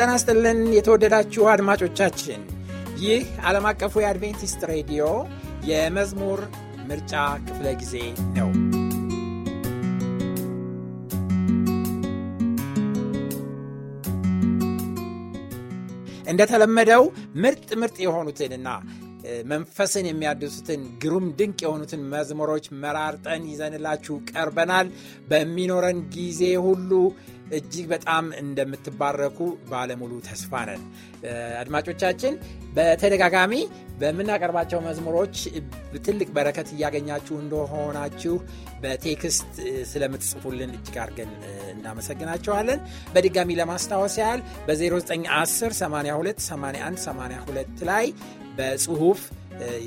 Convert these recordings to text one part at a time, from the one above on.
ጤና ይስጥልን የተወደዳችሁ አድማጮቻችን፣ ይህ ዓለም አቀፉ የአድቬንቲስት ሬዲዮ የመዝሙር ምርጫ ክፍለ ጊዜ ነው። እንደተለመደው ምርጥ ምርጥ የሆኑትንና መንፈስን የሚያድሱትን ግሩም ድንቅ የሆኑትን መዝሙሮች መራርጠን ይዘንላችሁ ቀርበናል። በሚኖረን ጊዜ ሁሉ እጅግ በጣም እንደምትባረኩ ባለሙሉ ተስፋ ነን። አድማጮቻችን በተደጋጋሚ በምናቀርባቸው መዝሙሮች ትልቅ በረከት እያገኛችሁ እንደሆናችሁ በቴክስት ስለምትጽፉልን እጅግ አድርገን እናመሰግናቸዋለን። በድጋሚ ለማስታወስ ያህል በ0910 82 81 82 ላይ በጽሁፍ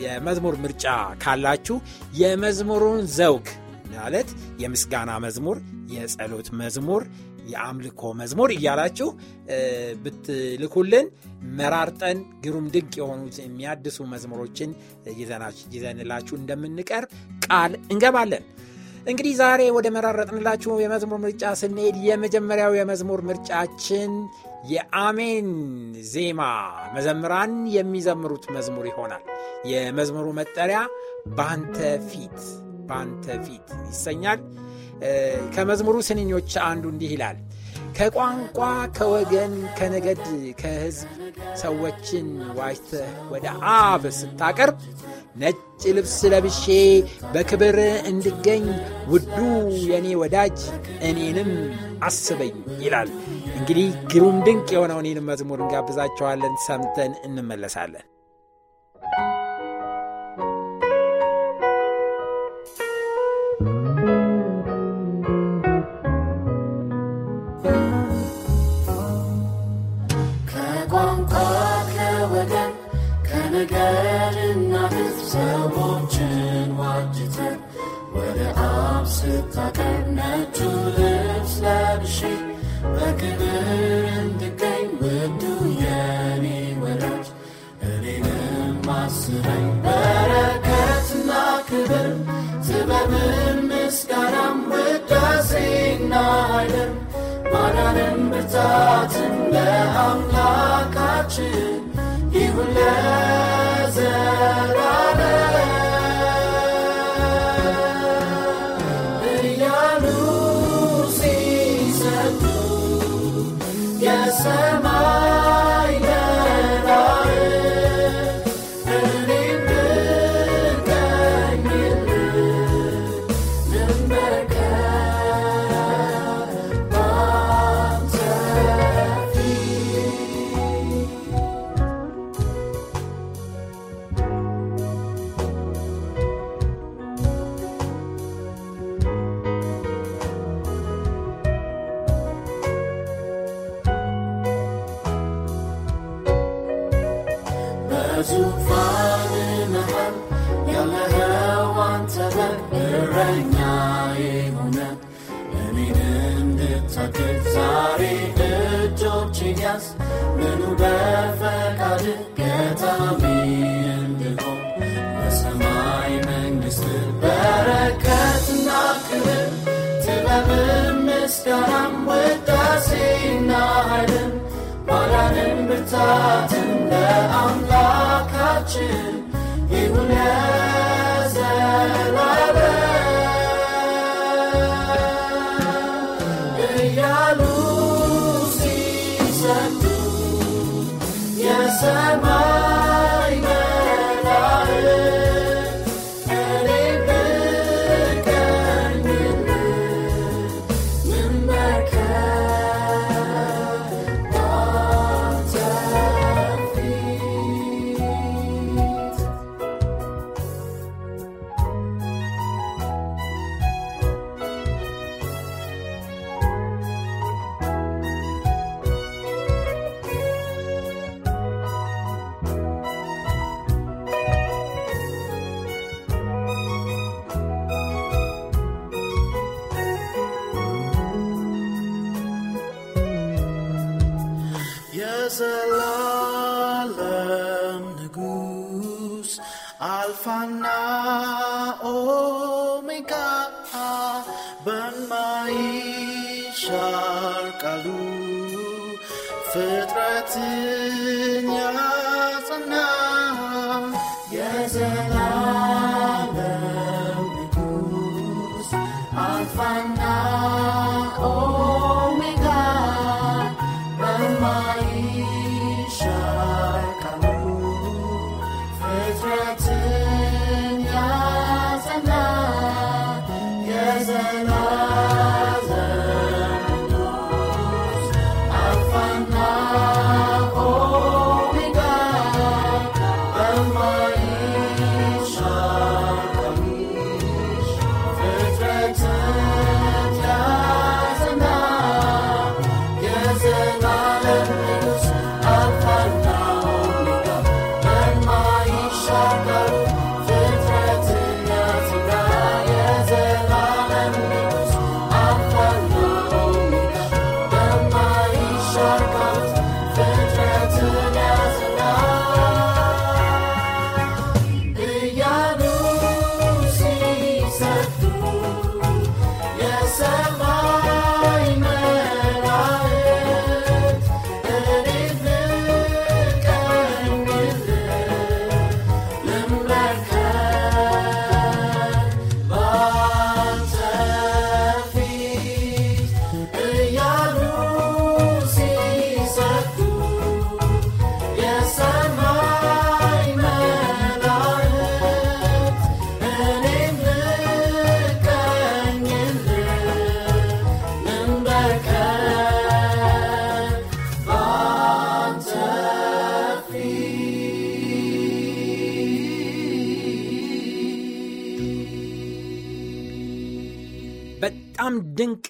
የመዝሙር ምርጫ ካላችሁ የመዝሙሩን ዘውግ ማለት የምስጋና መዝሙር፣ የጸሎት መዝሙር የአምልኮ መዝሙር እያላችሁ ብትልኩልን መራርጠን ግሩም ድንቅ የሆኑት የሚያድሱ መዝሙሮችን ይዘንላችሁ እንደምንቀርብ ቃል እንገባለን። እንግዲህ ዛሬ ወደ መራረጥንላችሁ የመዝሙር ምርጫ ስንሄድ የመጀመሪያው የመዝሙር ምርጫችን የአሜን ዜማ መዘምራን የሚዘምሩት መዝሙር ይሆናል። የመዝሙሩ መጠሪያ ባንተ ፊት ባንተ ፊት ይሰኛል። ከመዝሙሩ ስንኞች አንዱ እንዲህ ይላል ከቋንቋ ከወገን ከነገድ ከህዝብ ሰዎችን ዋጅተህ ወደ አብ ስታቀርብ ነጭ ልብስ ለብሼ በክብር እንድገኝ ውዱ የእኔ ወዳጅ እኔንም አስበኝ ይላል። እንግዲህ ግሩም ድንቅ የሆነውን ይህን መዝሙር እንጋብዛቸዋለን። ሰምተን እንመለሳለን። ሳጠር ነጩ ልብስ ለብሼ በክብር እንድገኝ ውዱ የኔ ወዳጅ እኔንም አስበኝ በረከትና ክብር ጥበብም ምስጋናም ውዳሴና ኃይልም ማዳንም ብርታትም ለአምላካችን ይሁን Yes, sir. ፈቃድ ገጣሚ እንድሆን በሰማይ መንግሥት በረከትና ክብር ጥበብን ምስጋናም ውዳሴና ኃይልን ማዳንን Fana Omega Ben Banmai Kalu Fitrati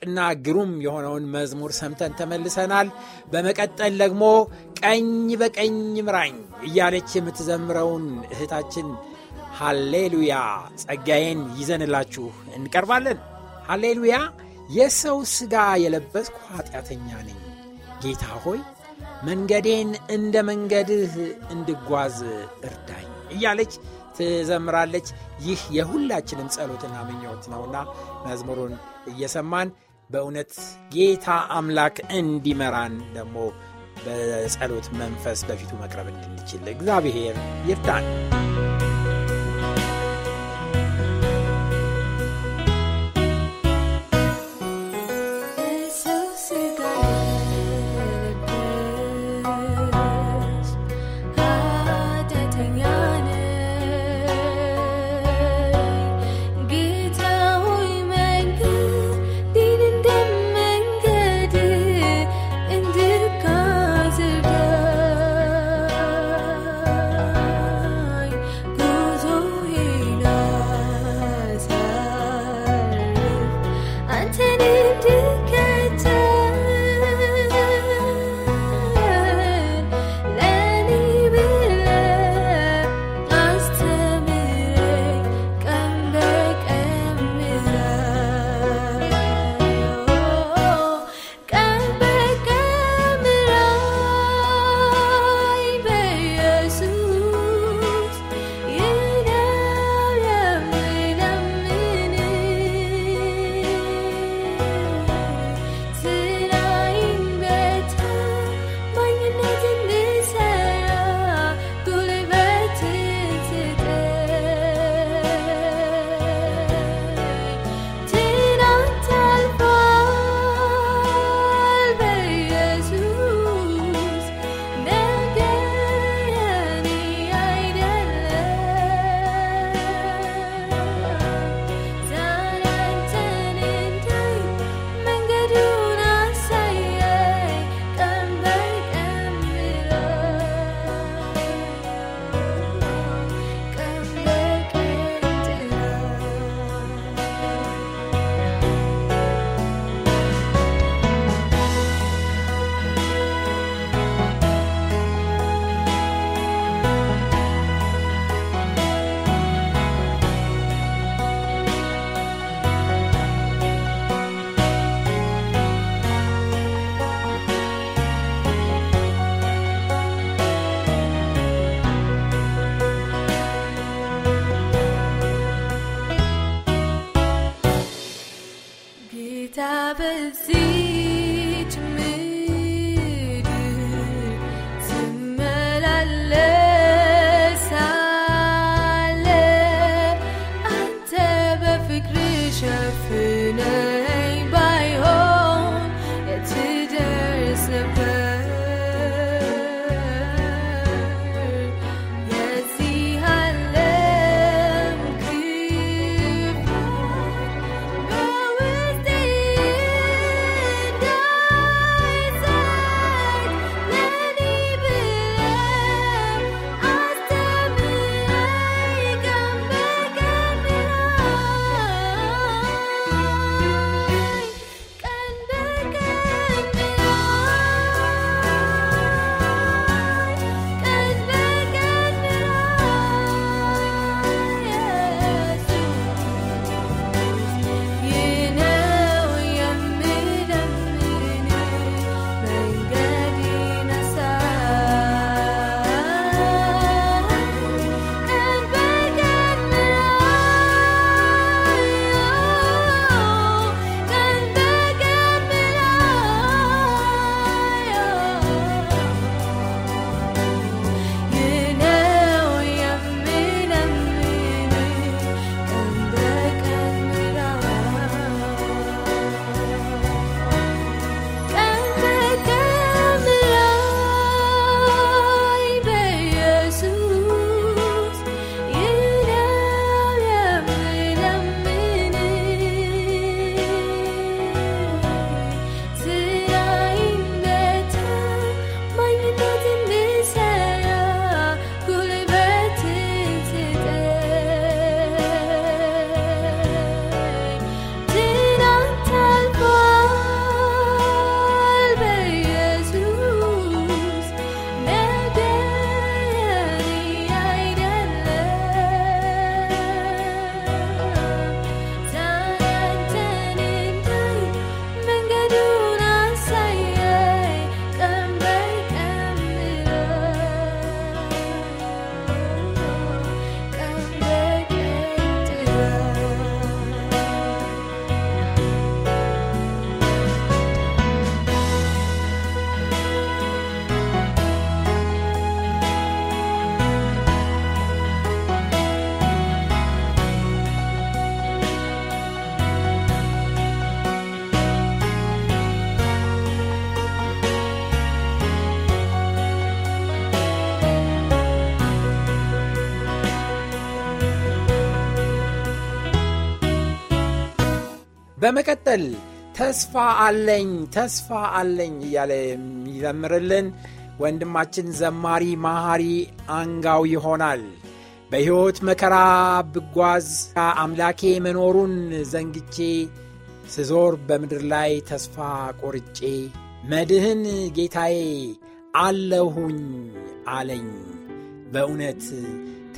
ድንቅና ግሩም የሆነውን መዝሙር ሰምተን ተመልሰናል። በመቀጠል ደግሞ ቀኝ በቀኝ ምራኝ እያለች የምትዘምረውን እህታችን ሃሌሉያ ጸጋዬን ይዘንላችሁ እንቀርባለን። ሃሌሉያ የሰው ሥጋ የለበስኩ ኃጢአተኛ ነኝ፣ ጌታ ሆይ መንገዴን እንደ መንገድህ እንድጓዝ እርዳኝ እያለች ትዘምራለች። ይህ የሁላችንም ጸሎትና ምኞት ነውና መዝሙሩን እየሰማን በእውነት ጌታ አምላክ እንዲመራን ደግሞ በጸሎት መንፈስ በፊቱ መቅረብ እንድንችል እግዚአብሔር ይርዳን። stop a seat to በመቀጠል ተስፋ አለኝ ተስፋ አለኝ እያለ የሚዘምርልን ወንድማችን ዘማሪ ማሃሪ አንጋው ይሆናል። በሕይወት መከራ ብጓዝ አምላኬ መኖሩን ዘንግቼ ስዞር በምድር ላይ ተስፋ ቆርጬ መድህን ጌታዬ አለሁኝ አለኝ። በእውነት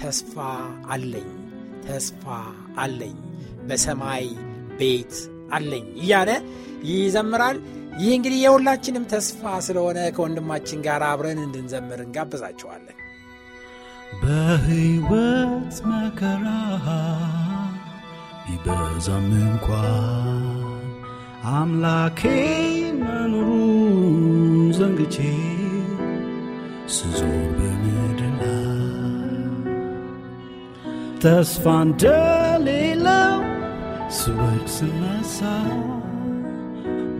ተስፋ አለኝ ተስፋ አለኝ በሰማይ ቤት አለኝ እያለ ይዘምራል። ይህ እንግዲህ የሁላችንም ተስፋ ስለሆነ ከወንድማችን ጋር አብረን እንድንዘምር እንጋብዛቸዋለን። በሕይወት መከራ ቢበዛም እንኳ አምላኬ መኖሩ ዘንግቼ ስዞር በምድር ተስፋ እንደሌ ስወድቅ ስነሳ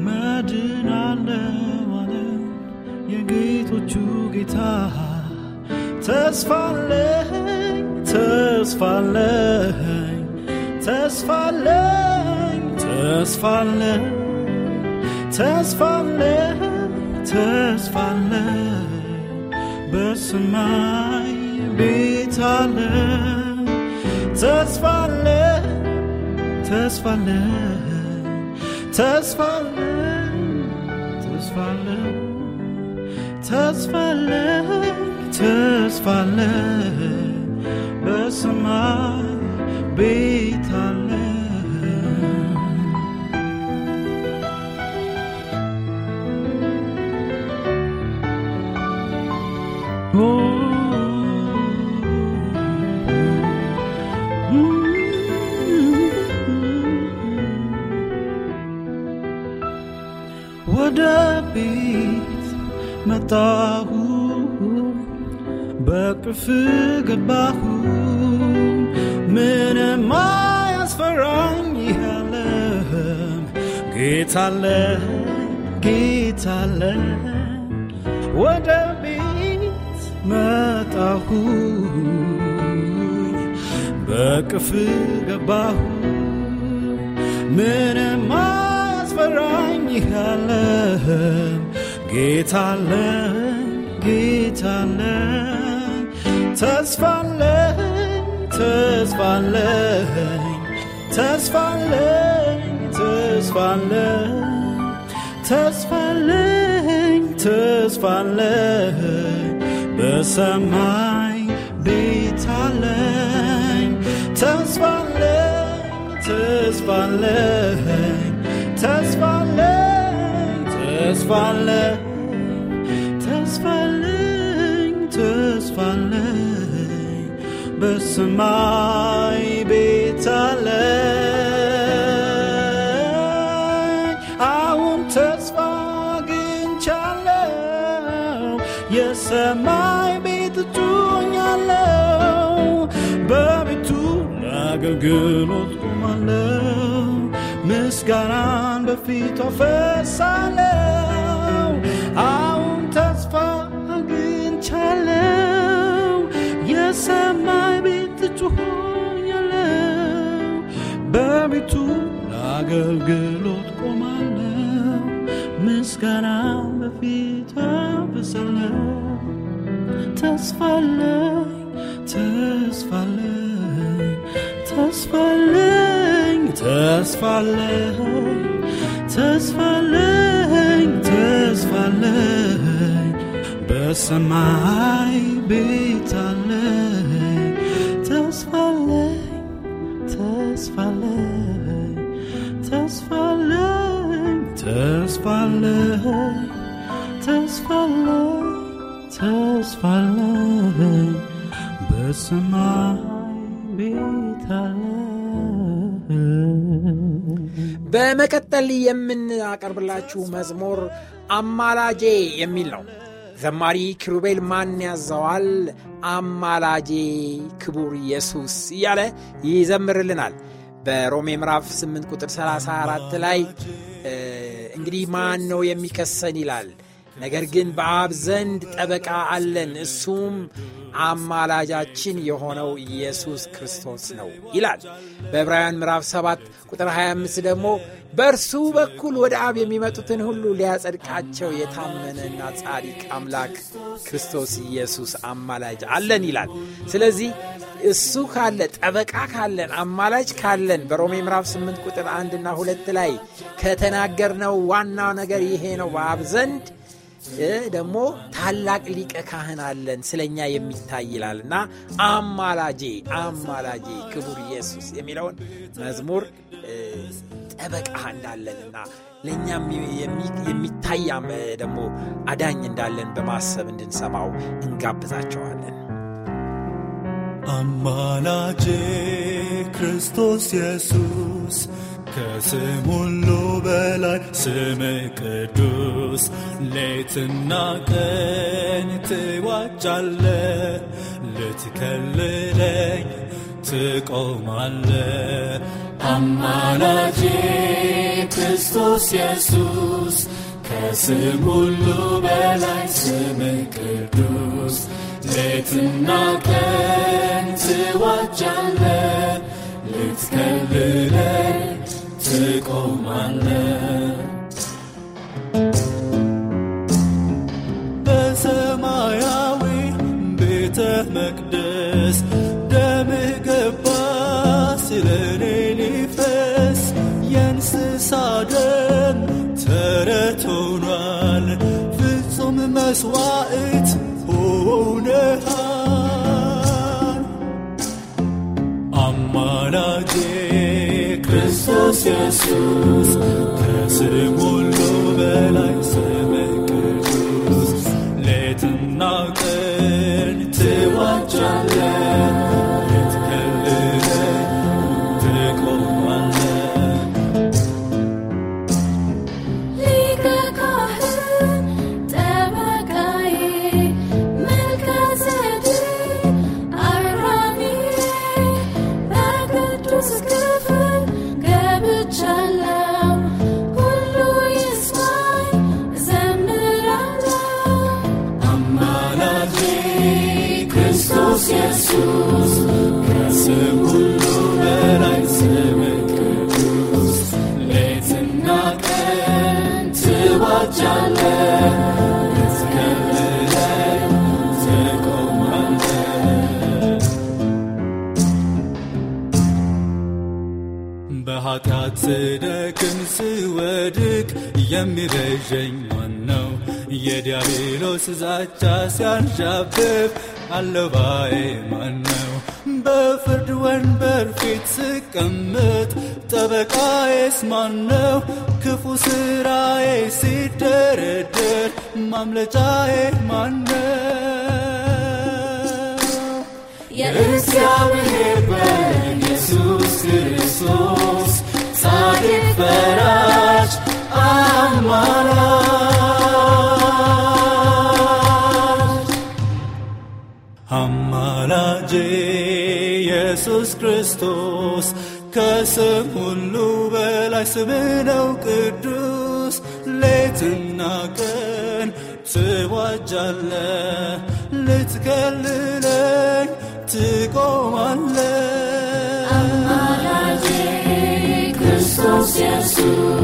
መድናለው የጌቶቹ ጌታ ተስፋለኝ ተስፋለኝ ተስፋለኝ ተስፋለኝ ተስፋለኝ በሰማይ ቤት አለ ተስፋለኝ ተስፋለን ተስፋለን ተስፋለን ተስፋለን በሰማይ ቤታለ ወደ መጣሁ በቅፍ ገባሁ ምንም አያስፈራኝ ያለም ጌታለ ጌታለ ወደ ቤት መጣሁ በቅፍ ገባሁ ምንም የሚፈራኝ ይህለን ጌታለን ጌታለን ተስፋለን ተስፋለን ተስፋለኝ ተስፋለኝ ተስፋለኝ ተስፋለኝ በሰማይ ቤታለኝ ተስፋለኝ ተስፋለኝ ተስፋ ተስፋለ ተስፋለኝ ተስፋለኝ በሰማይ ቤት አለ አሁን ተስፋ አግኝቻለሁ የሰማይ ቤት እጮኛለሁ በቤቱ ለአገልግሎት ቆማለሁ ምስጋናን በፊቷ ፈሳለው አሁን ተስፋ አግኝቻለው የሰማይ ቤት ጩሆኛለው በቤቱ ለአገልግሎት ቆማለው ምስጋናን በፊቷ ፈሳለው ተስፋለኝ ተስፋለኝ ተስፋለኝ Tøs for længe, tøs for længe, tøs for længe. Bøsse mig, bitte længe. Tøs for længe, tøs for længe, tøs for længe, tøs for længe, tøs for mig. በመቀጠል የምናቀርብላችሁ መዝሙር አማላጄ የሚል ነው። ዘማሪ ኪሩቤል ማን ያዘዋል፣ አማላጄ ክቡር ኢየሱስ እያለ ይዘምርልናል። በሮሜ ምዕራፍ 8 ቁጥር 34 ላይ እንግዲህ ማን ነው የሚከሰን ይላል ነገር ግን በአብ ዘንድ ጠበቃ አለን እሱም አማላጃችን የሆነው ኢየሱስ ክርስቶስ ነው ይላል። በዕብራውያን ምዕራፍ 7 ቁጥር 25 ደግሞ በእርሱ በኩል ወደ አብ የሚመጡትን ሁሉ ሊያጸድቃቸው የታመነና ጻድቅ አምላክ ክርስቶስ ኢየሱስ አማላጅ አለን ይላል። ስለዚህ እሱ ካለ ጠበቃ ካለን አማላጅ ካለን በሮሜ ምዕራፍ 8 ቁጥር 1 እና 2 ላይ ከተናገርነው ዋናው ነገር ይሄ ነው በአብ ዘንድ ደግሞ ታላቅ ሊቀ ካህን አለን ስለኛ የሚታይ ይላል እና አማላጄ አማላጄ ክቡር ኢየሱስ የሚለውን መዝሙር ጠበቃ እንዳለንና ለእኛም የሚታያም ደግሞ አዳኝ እንዳለን በማሰብ እንድንሰማው እንጋብዛቸዋለን። አማላጄ ክርስቶስ ኢየሱስ ከስም ሁሉ በላይ ስም ቅዱስ፣ ሌትና ቀን ትዋጃለ፣ ልትከልለኝ ትቆማለ። አማላጄ ክርስቶስ ኢየሱስ ከስም ሁሉ በላይ ስም ቅዱስ ሌትና ቀን ትዋጃለ ልትከልለን ትቆማለን ክርስቶስ ኢየሱስ ከስም ሁሉ በላይ ሲያንዣብብ አለባዬ ማነው? በፍርድ ወንበር ፊት ስቀምጥ ጠበቃዬስ ማነው? ክፉ ስራዬ ሲደረደር ማምለጫዬ ማነው? የእግዚአብሔር ኢየሱስ ክርስቶስ ጻድቅ ፈራጅ አማራ አማላጄ ኢየሱስ ክርስቶስ ከስም ሁሉ በላይ ስምህ ነው ቅዱስ። ሌትና ቀን ትዋጃለ፣ ልትከልለኝ ትቆማለ። አማላጄ ክርስቶስ ኢየሱስ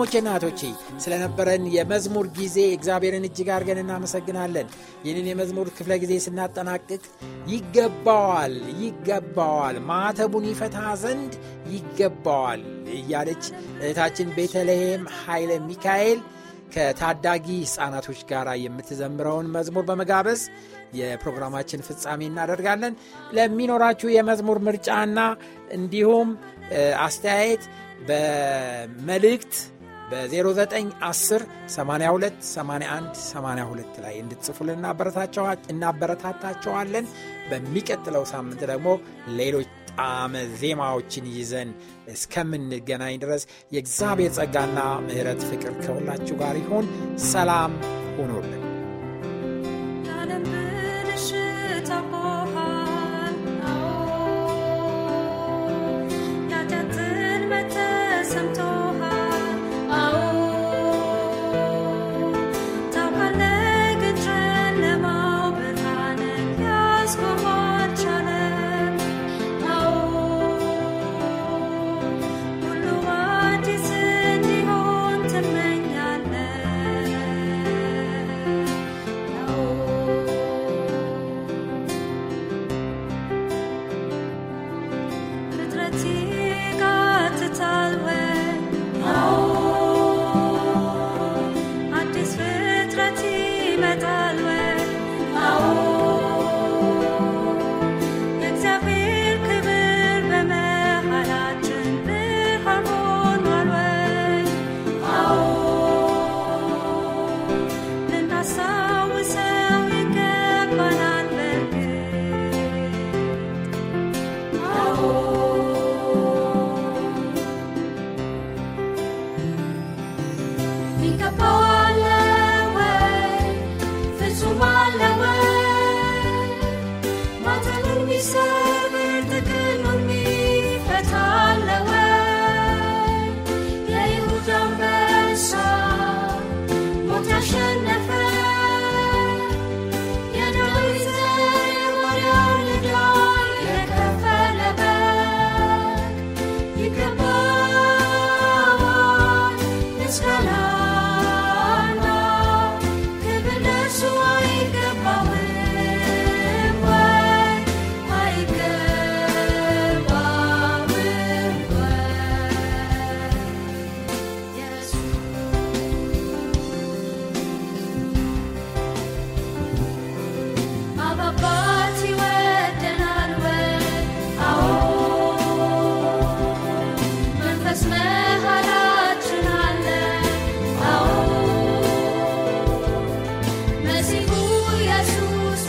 ወንድሞቼና እህቶቼ ስለነበረን የመዝሙር ጊዜ እግዚአብሔርን እጅግ አድርገን እናመሰግናለን። ይህንን የመዝሙር ክፍለ ጊዜ ስናጠናቅቅ ይገባዋል ይገባዋል ማተቡን ይፈታ ዘንድ ይገባዋል እያለች እህታችን ቤተልሔም ኃይለ ሚካኤል ከታዳጊ ሕፃናቶች ጋር የምትዘምረውን መዝሙር በመጋበዝ የፕሮግራማችን ፍጻሜ እናደርጋለን። ለሚኖራችሁ የመዝሙር ምርጫና እንዲሁም አስተያየት በመልእክት በ0910 82 81 82 ላይ እንድትጽፉልን እናበረታታቸዋለን። በሚቀጥለው ሳምንት ደግሞ ሌሎች ጣዕመ ዜማዎችን ይዘን እስከምንገናኝ ድረስ የእግዚአብሔር ጸጋና ምሕረት ፍቅር ከሁላችሁ ጋር ይሆን። ሰላም ሆኖልን Sometimes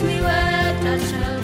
were not sure.